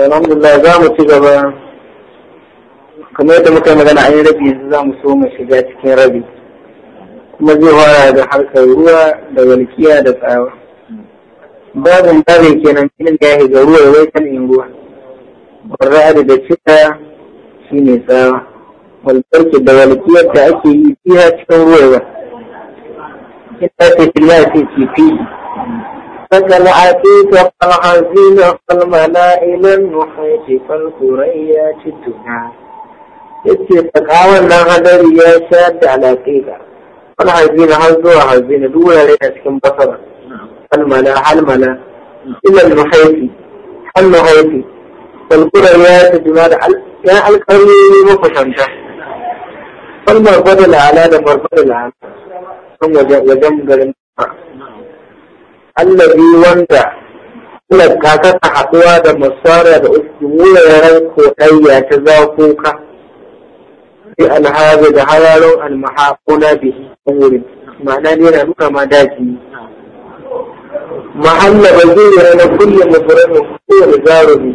alhamdulillah za mu ci gaba kamar yadda muka yi magana an yi rabi yanzu za mu so mu shiga cikin rabi kuma zai fara da harkar ruwa da walƙiya da tsawa babin babin kenan filin ya shiga ruwa ya wai kan in ruwa warra'adu da cika shi ne tsawa walƙarki da walƙiyar da ake yi fiya cikin ruwa ba ita ce fiya ce ce fiye فجل عتيك فالعزيز فالملائل المحيط فالكريات الدنيا اتفق اولا على رياسات على كيفا فالعزيز عزو عزين دولا ليس كم بصرا الملا الملا الا المحيط المحيط فالكريات الدنيا يا الكريم مفشنشا فالمربد العلا ده مربد العلا ثم وجم قرن allazi wanda ka kasa haɗuwa da masara da uku wuraren koɗayya ta zakoka bi alhazi da hararon almahakuna bi wuri ma'ana ne na nuna ma daji mahalla ba zai na kulle mafuran kowane zarumi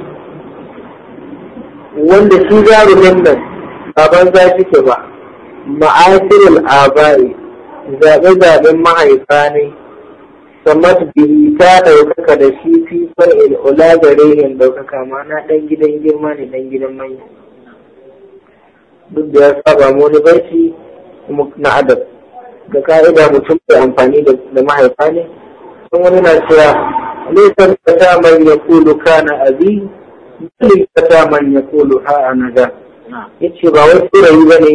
wanda shi zarumin nan baban za ke ba ma'asirul abai zaɓe-zaɓen mahaifa ne kamar bihi ta ɗaukaka da shi fi far'il ula da rehin ɗaukaka mana ɗan gidan girma ne ɗan gidan manya duk da ya saba mu wani barci na adab ga ka'ida mutum bai amfani da mahaifa ne sun wani na cewa laifin ta man ya kulu na abi laifin kata man ya kulu ha a naga ya ce ba wai tsirayi ba ne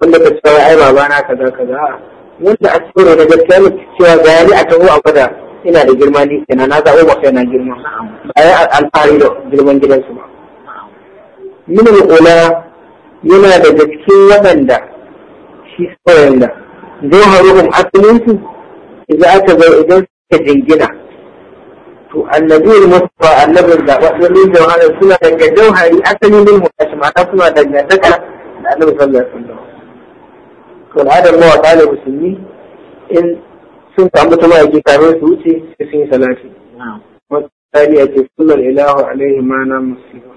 wanda ka cewa ai babana kaza kaza wanda a cikin na gaskiya ne cewa ga ya ni a taho a gwada ina da girma ni kenan na zaɓo ba kai na girma ba ya alfahari da girman gidansu ba min al'ula yana daga cikin waɗanda shi sauran da jawharuhum asalinsu idan aka zo idan suka jingina to annabi al-mustafa annabin zaɓaɓɓen min jawharin suna daga jawhari asalin min mutashi ma'ana suna daga daga da annabi sallallahu alaihi wasallam والعادة Allah ta'ala musulmi in sun samu ta ma'aiki kafin su wuce sai sun yi salati والتالي يأتي كل الإله عليه ما نام مسلما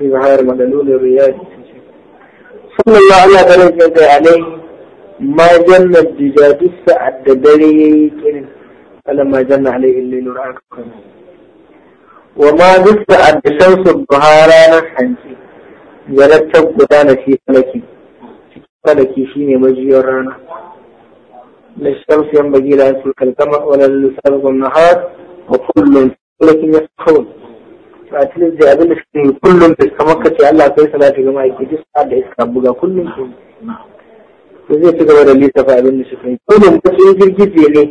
بظهار مدلول الرياض صلى الله عليه وسلم عليه ما جن الدجاج السعد دري فلما جن عليه الليل رأك وما دست الشمس الظهاران الحنسي جلت تبدان في فلكي falaki shine majiyar rana la shamsu yanbaghi la an tulka al-qamar wa la yusabiqu an-nahar wa kullun lakin yasqun a cikin da abin da suke kullum da kamar kace Allah kai salati ga mai kiji sa da iska buga kullum to zai ci gaba da lissafa abin da suke kullum kace girgije ne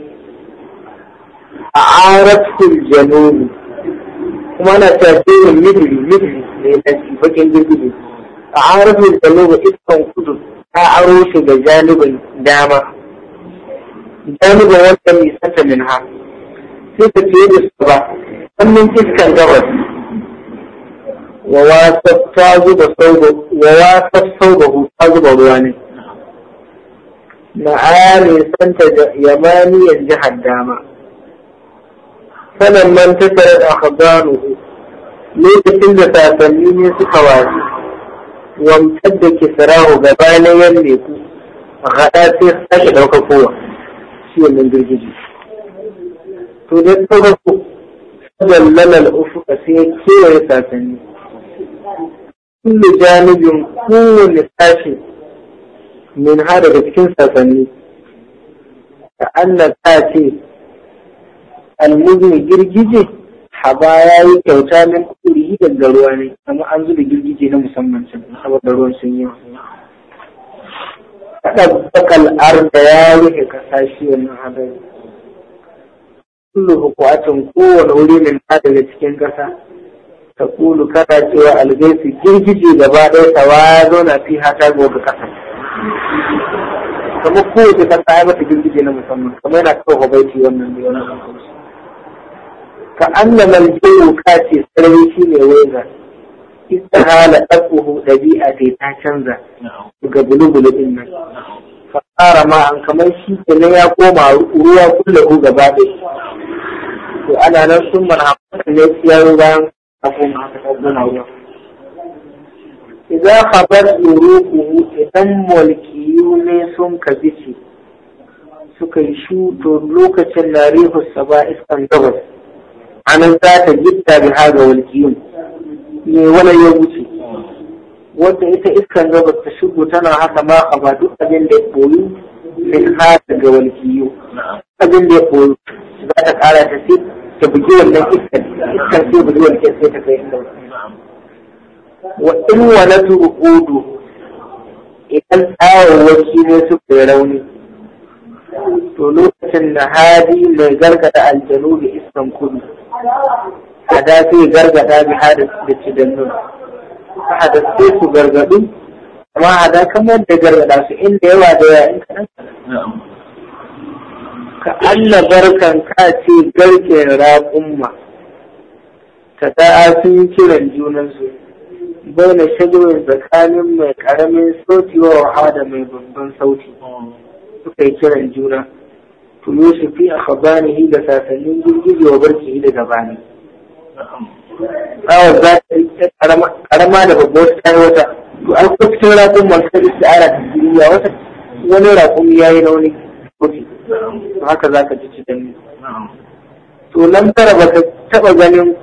a aratul janub kuma ana cewa jirgin midri midri ne na bakin girgije a aratul janub iskan kudu أعروس بجانب الدامة جانب وانتني ستة منها ستة في الصباح ثم من تلك الغرب وواسف تاجب صوبه وواسف صوبه تاجب أدواني معاني سنت يماني ينجح الدامة فلما انتشرت أخضانه ليس كل ساتنين يسخواتي وامتد كسراه جبانا يلي غاتي خشد وكفوة شيء من دل جديد تودت طرف فضل لنا الأفق سيئة كيو يساتني كل جانب كل ساشي من هذا بتكين ساتني كأن ساتي المذن جرجيجي حبايا يكوتا من كل da ruwa ne amma an zuba girgije na musamman sun saboda ruwan sun yi kada bakal da ya rufe kasashe wannan hadari kullu can kowane wuri ne na daga cikin ƙasa ta kulu kada cewa algaisu girgije gaba ɗaya ta wa zauna fi hata gobe ƙasa kamar kowace ƙasa ya mata girgije na musamman kamar yana kawo habaiti wannan da yana kan فأن ملكه كاتي سلوكي لويغا استهال أبوه لبيئة تاشنزا نعم. قبل بلد النبي فقار ما أن كما يشيك لن يقوم روى هو قبابه وأنا نفس من عقل الناس يا روغا أقوم إذا خبر روحه إذن ملكي ليسون كبسي suka yi shuto lokacin larihu saba iskandar anan za ta gitta da haga waljiyu me wala ya wuce wanda ita iskan gabas ta shigo tana haka ma a ba duk abin da ya koyu min hada ga waljiyu abin da ya koyu za ta kara ta sai ta bugi wannan iskan iskan sai bugi waljiyu sai ta kai inda wa in walatu uqudu idan tsawawaki ne suka yi rauni to lokacin da hadi mai gargada aljanu da iskan kudu a da sai gargada bi hadis da da nuna ka hada sai su gargadu amma a da kamar da gargada su inda yawa da yawa in kaɗan ka Allah barkan ka ce garken raƙumma ta da'a sun yi kiran junansu na shagirin tsakanin mai ƙaramin sauti wa hada mai babban sauti suka yi kiran juna fuyushi fi a khabanihi da sasannin girgiji wa barkihi da gabani tsawon za ta yi karama da babbar ta yi wata to an kuma fitar rakun masu istiara ta duniya wata wani rakun ya yi rauni mafi haka za ka ji ci dami to nan ba ka taɓa ganin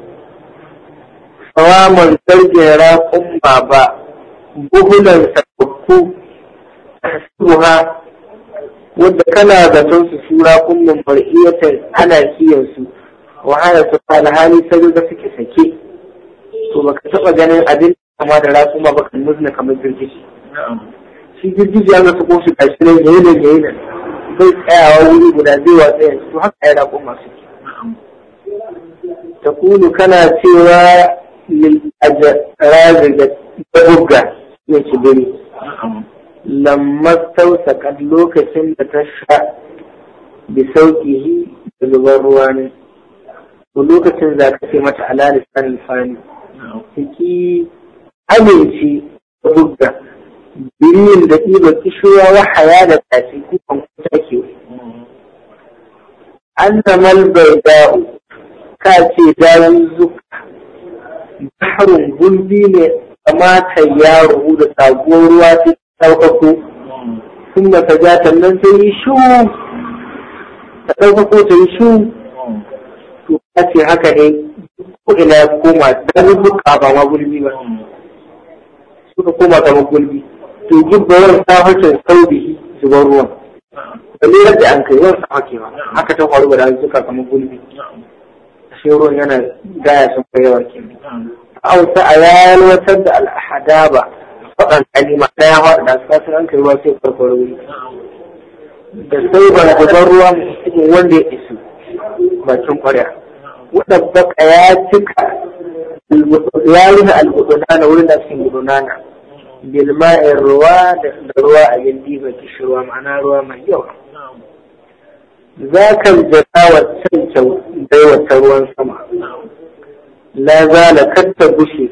tsawamar zargin rakun ba ba buhunan sababbu a wadda kana zaton su sura kullum mar'iyatar ana kiyansu wahala su fara hali sai da suke sake to baka taba ganin abin kama da raƙuma ba kan muzna kamar girgiji shi girgiji ya zasu ko shi gashi nan yayi nan yayi nan bai tsayawa wuri guda zai watsa yanzu to haka ya raƙuma suke ta kulu kana cewa lil ajrazi da bugga ne ki gani lamma tausakat lokacin da ta sha bi sauƙi da zubar ruwa ne ko lokacin za ka ce mata ala lisan ta ciki aminci da bugga Birnin da ɗiba kishiyar wa haya da tashi kukan kuta ke an da bai ka ce dayan zuka baharun gulbi ne kamata ya da sabuwar ruwa ta ɗaukaku sun da ka ja sannan sai yi shu ta ɗaukaku ta yi shu to ta ce haka ne ko ina ya koma ta rubuka ba ma gulbi ba suka koma ta gulbi to gibba wani sahakin saubi zubar ruwan da ne yadda an kai wani sahaki ba haka ta faru da an suka kama gulbi sai ruwan yana gaya sun kai yawa kenan a wata a yayar watar da al'ahada ba પોતાની મતલબ દાસકાસન કરવાથી ઉપર પડવું da sauran gudan ruwan cikin wanda ya isu bakin kwarya wadda baka ya cika ya rufe al'udunana wurin da suke gudunana bilma'in ruwa da ruwa a gindi ba kishirwa ma'ana ruwa mai yawa za ka jira wacan baiwata ruwan sama la zala katta bushe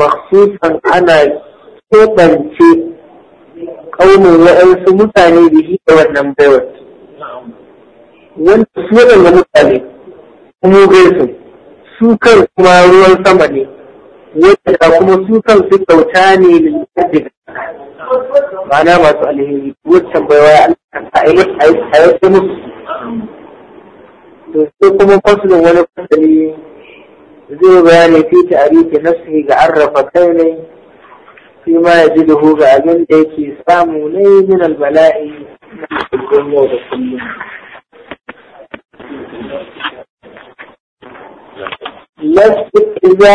maksusan ana keɓance kaunin wa'ansu mutane da shi da wannan baiwar. Wanda su waɗanda mutane kuma gaisu su kan kuma ruwan sama ne, wadda kuma su kan su kyauta ne da yadda ma'ana masu alheri waccan baiwa a yi wasu musu. To sai kuma fasulin wani fasali zai bayani fi ta'arifi nasu ga arrafa kai ne Sai ma ya ji dahu ga abin da yake ke samu laifin albala'i a cikin magance kullum. Lassafin ku za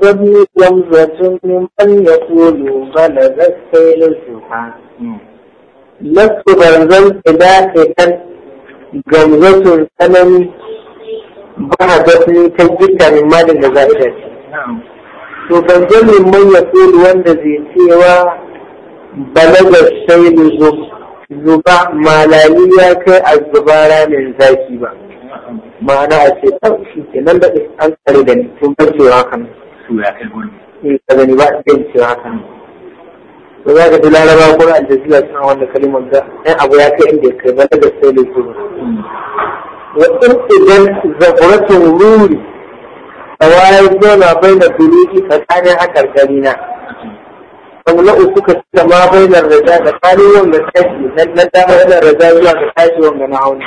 zan yi gwamnatin mu har ya ba da gaske na zuwa. Lassafin ku zan yi za a ba zan yi ta gikta daga da za to ban gani mun ya wanda zai cewa balaga sai zuba malali ya kai a zuba ranar zaki ba ma'ana a ce ta shi ke nan da an tsare da ni tun bar cewa hakan su ya kai gudu eh ka gani ba ɗin cewa hakan ba za ka ji laraba ko na aljazira suna wanda kalimar da ɗan abu ya kai inda ya kai balaga sai da zuba wa in idan zaburatun ruri فوائد دونا بين الدلوش فتاني حكى الكلينة فملؤوا فكة ما بين الرجاء فقالوا من الحاجي لن ندام إلى الرجاء إلى الحاجي ومنعون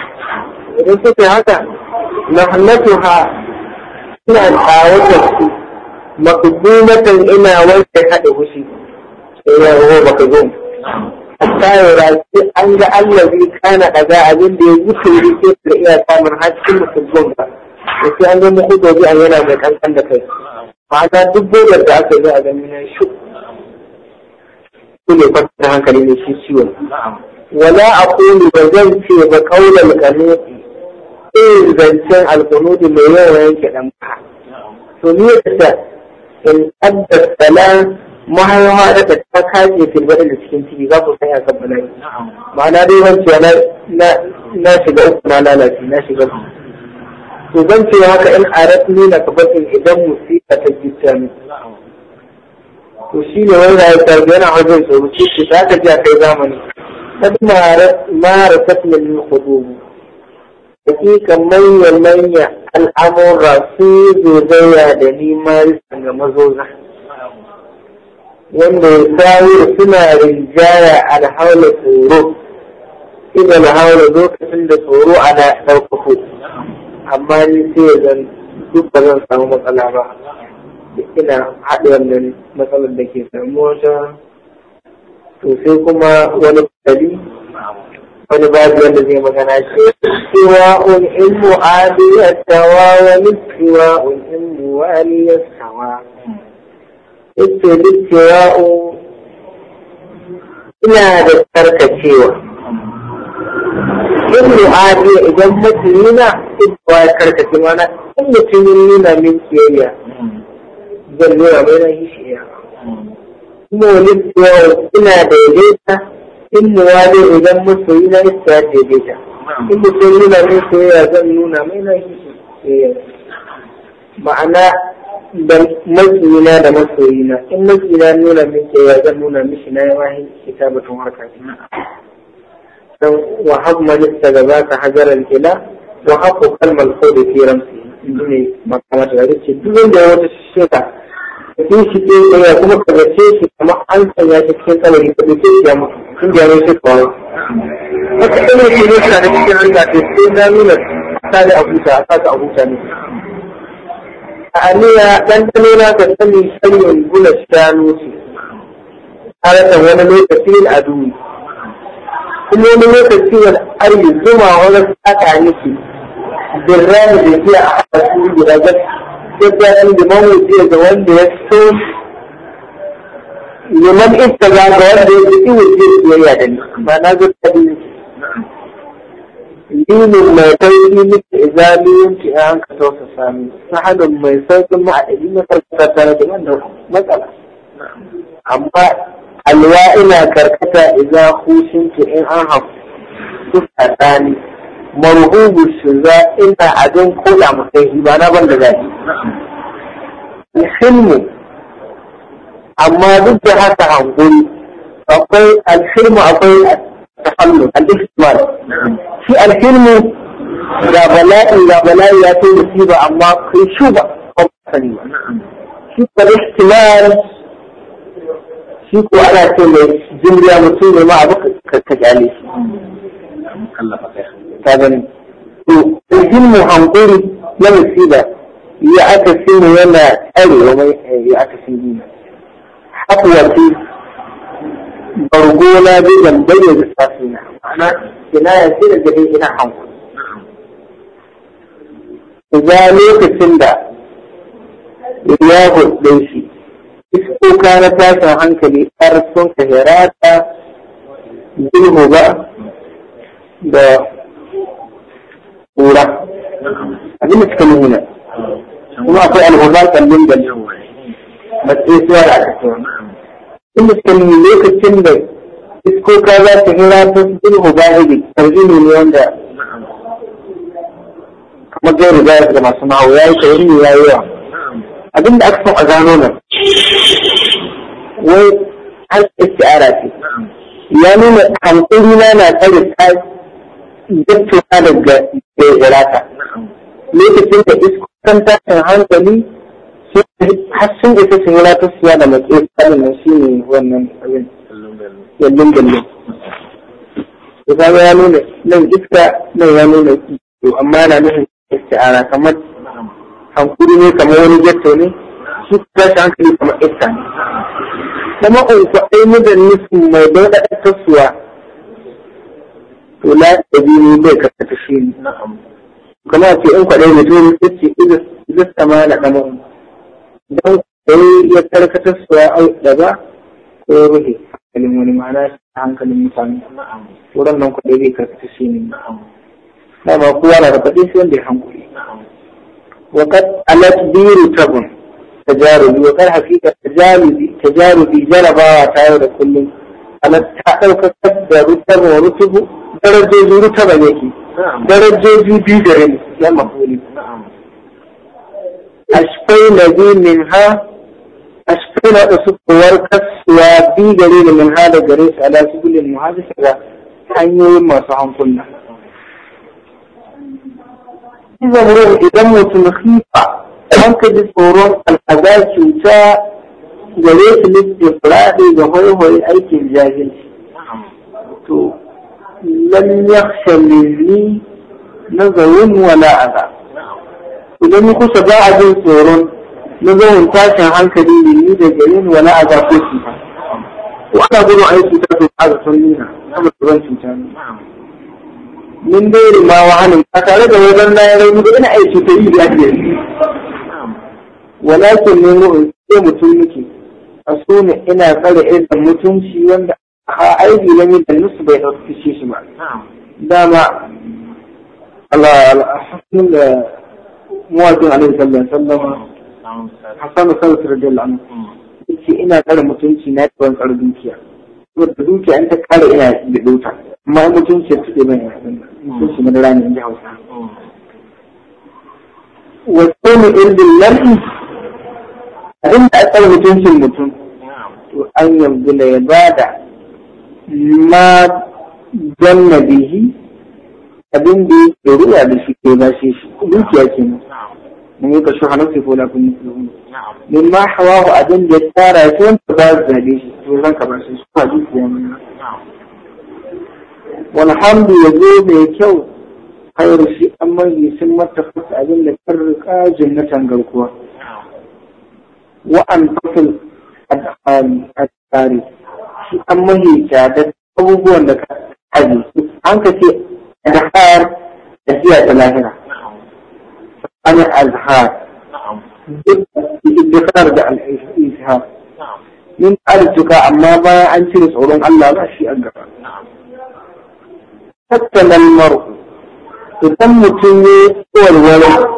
ونسوك هذا محمدها إلى الحاوطة مقدومة إما وجه حد وشي إلا هو مقدوم حتى يرأسي أن الذي كان غذاء عندي يخلي كيف لإيه فمن حاجة مقدومة da sai an gani hudu bi an yana mai kankan da kai ma'ana duk bodar da aka yi a zamanin shi su ne kwanta hankali ne shi ciwon wala a kone da zan ce ba kaular kanu irin zancen alkunudu mai yawan yanke dan ba to ni yadda in tabbata mahaifa da ta kaje filbaɗin da cikin ciki za ku san ya san bala'i ma'ana dai wancewa na shiga uku na lalace na shiga to zan ce haka in aratni na kabatin idan musiba ta gita ni to shi ne wanda ya tarbi yana wajen tsoro ce ce ta ka ji a kai zamani kad mara tafiyan min hudubu hakika manyan manya al'amura su zozaya da nima ga mazoza wanda ya sawo suna rinjaya alhaula tsoro idan haula lokacin da tsoro ana ɗaukako amma ni sai zan duk ba zan samu matsala ba ina haɗe wannan matsalar da ke samu wata to sai kuma wani kali wani babu wanda zai magana ce cewa un ilmu adi tawa wa nisfiwa un ilmu wali yastawa ita duk cewa ina da karkacewa in mu'adi idan mutumi na ba ya karkace mana in mutumin nuna min kiyayya zan nuna mai na hishiya kuma wani yau ina daidaita in mu'adi idan mutumi na iska daidaita in mutum nuna min kiyayya zan nuna mai na hishiya ma'ana da matsina da masoyina in matsina nuna min kiyayya zan nuna mishi na yawa kitabatun harka وهضما للسببات حجر الإله وحق الملحود في رمسه دوني مقامات غريب شيء دون ده وجه الشيطة في شيء كي يكون قد شيء كما أنت يا شيء كما يكون شيء كما كن جانا شيء قال فكأنا شيء لسا نكتب لك في السنة من أستاذ أبو سعى أستاذ أبو سعى أني دندني لا تسمي شيء بلا شانوسي هذا هو نمي كثير kuma wani lokaci wani ari zuma wani saka yake birrani da ke a hasu guda ga gaskiya da mawuce da wanda ya so liman ita za ga wanda ya ji iwu ce siyayya da ni ba na zo ta biyu dinin mai tauri miki izaliyun ki an ka tausa sami sahanin mai sauƙin ma'adadi na farko tattare da wannan matsala amma الوائنا كركتا إذا خوشنك إن أهم سفة ثاني مرهوب الشزاء إن أدن كل عمقه إبانا بلغاتي الحلم أما ضد هذا عن قول أقول الحلم أقول التحلم الإختبار في الحلم لا بلاء لا بلاء لا تنسيب أما خشوبة قبل سنين في الاحتمال تيك وانا تيلي جمريا مطولي ما عبك كتجعلي طبعا الهم عن قولي لم يسيبه يعكسين وما قالي وما يعكسين دينا حقوة في برقونا بيجا مبيني بالساسينا معنا كناية سيلة جديدنا حنقل إذا ليك السندة يأخذ ليسي وكان تاسع عنك لي أرسل كهيراتا دوه با با ورا أجل نتكلم هنا وما أقول على الغرار تنين بل بس إيه سوار عليك إن نتكلم ليك التنبه إسكو كذا تهيراتا دوه باهدي ترجين مليون دا ما جاي رجاء لما سمعوا ياي كريم ياي ياي أجل نتكلم أجانونا وعن استعاراتي يعني حنقول لنا ثالث جبت هذا الجراحة lokacin da iskan tashin hankali har sun isa su wulatar siya da matsayi tsarin nan shi ne wannan abin yallin gallin da zama ya nuna nan iska nan ya nuna to amma na nufin isti'ara kamar hankuri ne kamar wani jetto ne su tashin hankali kamar iska ne كما أنت أيضا نسم ما يبدأ التسوى ولا أديني بك تشين نعم كما في أنك أيضا تقول إذا إذا استمال كمان دون أي يترك تسوى أو دبا كوره كلمة معنى عن كلمة نعم ولن نقول أيضا كتشين نعم نعم أقوانا ربطيس وندي حنقولي نعم وقد ألت بير تبن تجارب وقال حقيقة تجارب التجارب جلبا وتعالى كل أنا تعالى كتب رتب ورتب درجة رتب يكي نعم. درجة بيدر يا مقبول نعم. أشفينا دي منها أشفينا أسوك وركس وبيدر من هذا جريس على سبيل المحادثة حيو ما صحن كلنا إذا مرور إذا مرور مخيفة ممكن تصورون الأذى gare su liste furaɗe ga haihuwar aikin jahilci to lam yakhsha na nazarun wala aza idan kusa ba a jin tsoron na nazarin tashin hankali ne ni da gare ni wala aza ko shi ba ko ana a yi cuta to ba sun nuna kuma tsoron cuta ne Mun dai rima wahalin ba tare da wajen na ya rauni ina aiki ta yi da ake yi walakin ne mu'in sai mutum nake asuna ina tsare irin mutunci wanda a aiki na mi da nusu bai ɗauki shi ba dama alhassan da muwajin alaihi sallallahu sallama hassan da sallallahu radiyallahu anhu hmm. ina tsare mutunci na ban tsare dukiya saboda dukiya in ta kare ina da dauta amma in mutunci ya tuɗe bane hmm. mutunci na rani in ji hausa hmm. wasu ne irin lalli abin da aka mutuncin mutum to an da ya bada ma janna bihi abin da ya ke ruwa da shi ke ba shi shi dukiya ke ne mun yi kashu hannun ke fola kun mutu ne ma hawahu abin da ya tara ya ke ta ba su zaɓe shi to zan ka shi, shi ba dukiya wani walhamdu ya zo mai kyau hayar shi amma yi sun mata abin da kan rika jannatan garkuwa wa'anfasin al'ari shi an mahita da abubuwan da ka aji an ka ce azhar da jiya ta lahira an azhar iddifar da al'ishar min arzuka amma bayan an cire tsoron Allah ba shi an gaba tattalan mar'u idan mutum ne tsoron